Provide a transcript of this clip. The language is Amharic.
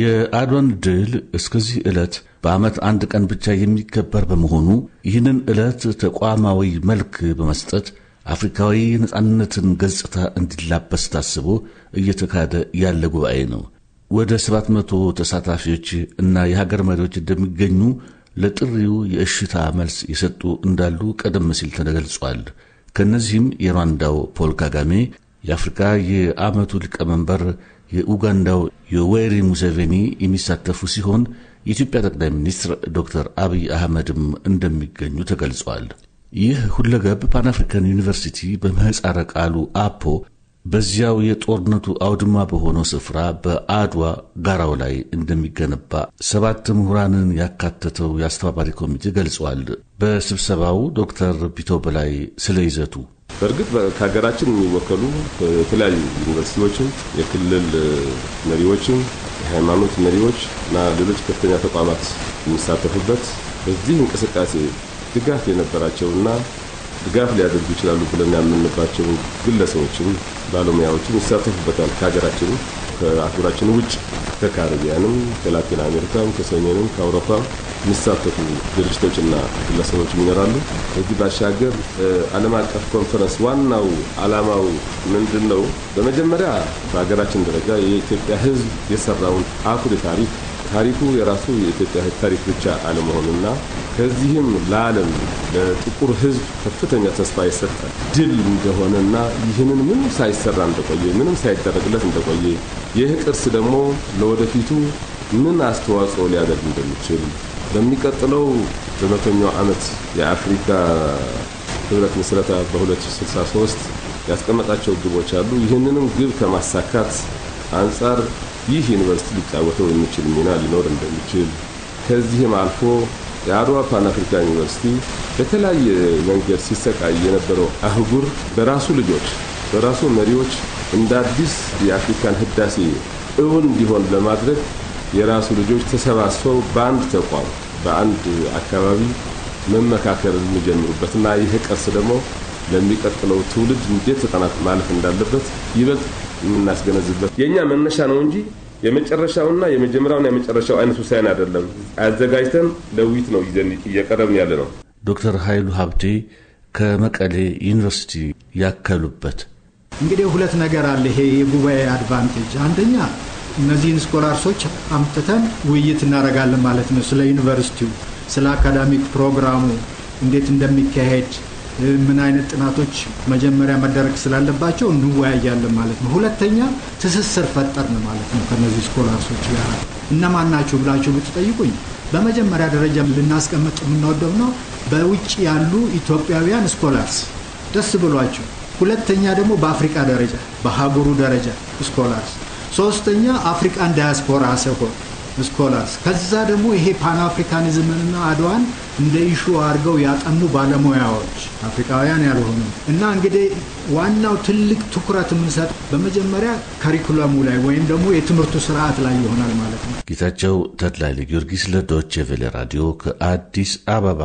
የአድዋን ድል እስከዚህ ዕለት በዓመት አንድ ቀን ብቻ የሚከበር በመሆኑ ይህንን ዕለት ተቋማዊ መልክ በመስጠት አፍሪካዊ የነፃነትን ገጽታ እንዲላበስ ታስቦ እየተካሄደ ያለ ጉባኤ ነው። ወደ ሰባት መቶ ተሳታፊዎች እና የሀገር መሪዎች እንደሚገኙ ለጥሪው የእሽታ መልስ የሰጡ እንዳሉ ቀደም ሲል ተገልጿል። ከእነዚህም የሩዋንዳው ፖል ካጋሜ የአፍሪካ የዓመቱ ሊቀመንበር የኡጋንዳው ዮዌሪ ሙሴቬኒ የሚሳተፉ ሲሆን የኢትዮጵያ ጠቅላይ ሚኒስትር ዶክተር አብይ አህመድም እንደሚገኙ ተገልጿል። ይህ ሁለገብ ፓን አፍሪካን ዩኒቨርሲቲ በምህፃረ ቃሉ አፖ በዚያው የጦርነቱ አውድማ በሆነው ስፍራ በአድዋ ጋራው ላይ እንደሚገነባ ሰባት ምሁራንን ያካተተው የአስተባባሪ ኮሚቴ ገልጿል። በስብሰባው ዶክተር ቢቶ በላይ ስለ ይዘቱ በእርግጥ ከሀገራችን የሚወከሉ የተለያዩ ዩኒቨርሲቲዎችም፣ የክልል መሪዎችም፣ የሃይማኖት መሪዎች እና ሌሎች ከፍተኛ ተቋማት የሚሳተፉበት በዚህ እንቅስቃሴ ድጋፍ የነበራቸው እና ድጋፍ ሊያደርጉ ይችላሉ ብለን ያመንባቸው ግለሰቦችም ባለሙያዎችም ይሳተፉበታል ከሀገራችንም ከአህጉራችን ውጭ ከካሪቢያንም ከላቲን አሜሪካም ከሰሜንም ከአውሮፓ የሚሳተፉ ድርጅቶችና ግለሰቦች ይኖራሉ። ከዚህ ባሻገር ዓለም አቀፍ ኮንፈረንስ ዋናው ዓላማው ምንድን ነው? በመጀመሪያ በሀገራችን ደረጃ የኢትዮጵያ ሕዝብ የሰራውን አኩሪ ታሪክ ታሪኩ የራሱ የኢትዮጵያ ታሪክ ብቻ አለመሆኑና ከዚህም ለዓለም ለጥቁር ሕዝብ ከፍተኛ ተስፋ የሰጠ ድል እንደሆነና ይህንን ምንም ሳይሰራ እንደቆየ ምንም ሳይደረግለት እንደቆየ ይህ ቅርስ ደግሞ ለወደፊቱ ምን አስተዋጽኦ ሊያደርግ እንደሚችል በሚቀጥለው በመቶኛው ዓመት የአፍሪካ ህብረት ምስረታ በ2063 ያስቀመጣቸው ግቦች አሉ። ይህንንም ግብ ከማሳካት አንጻር ይህ ዩኒቨርሲቲ ሊጫወተው የሚችል ሚና ሊኖር እንደሚችል ከዚህም አልፎ የአድዋ ፓን አፍሪካ ዩኒቨርሲቲ በተለያየ መንገድ ሲሰቃይ የነበረው አህጉር በራሱ ልጆች በራሱ መሪዎች እንደ አዲስ የአፍሪካን ህዳሴ እውን እንዲሆን ለማድረግ የራሱ ልጆች ተሰባስበው በአንድ ተቋም በአንድ አካባቢ መመካከር የሚጀምሩበትና ይህ ቅርስ ደግሞ ለሚቀጥለው ትውልድ እንዴት ማለፍ እንዳለበት ይበልጥ የምናስገነዝበት የእኛ መነሻ ነው እንጂ የመጨረሻውና የመጀመሪያውና የመጨረሻው አይነት ውሳኔ አይደለም። አዘጋጅተን ለውይይት ነው ይዘን እየቀረብን ያለ ነው። ዶክተር ኃይሉ ሀብቴ ከመቀሌ ዩኒቨርሲቲ ያከሉበት እንግዲህ ሁለት ነገር አለ። ይሄ የጉባኤ አድቫንቴጅ አንደኛ እነዚህን ስኮላርሶች አምጥተን ውይይት እናደርጋለን ማለት ነው። ስለ ዩኒቨርሲቲው፣ ስለ አካዳሚክ ፕሮግራሙ እንዴት እንደሚካሄድ ምን አይነት ጥናቶች መጀመሪያ መደረግ ስላለባቸው እንወያያለን ማለት ነው። ሁለተኛ ትስስር ፈጠርን ማለት ነው ከነዚህ ስኮላርሶች ጋር እነማን ናችሁ ብላችሁ ብትጠይቁኝ በመጀመሪያ ደረጃ ልናስቀምጥ የምንወደው ነው በውጭ ያሉ ኢትዮጵያውያን ስኮላርስ ደስ ብሏቸው፣ ሁለተኛ ደግሞ በአፍሪቃ ደረጃ በሀገሩ ደረጃ ስኮላርስ፣ ሶስተኛ አፍሪቃን ዳያስፖራ ሰሆን ስኮላርስ ከዛ ደግሞ ይሄ ፓን አፍሪካኒዝምንና አድዋን እንደ ኢሹ አድርገው ያጠኑ ባለሙያዎች አፍሪካውያን ያልሆኑ እና እንግዲህ ዋናው ትልቅ ትኩረት የምንሰጥ በመጀመሪያ ከሪኩለሙ ላይ ወይም ደግሞ የትምህርቱ ስርዓት ላይ ይሆናል ማለት ነው። ጌታቸው ተድላይ ጊዮርጊስ ለዶቼ ቬለ ራዲዮ ከአዲስ አበባ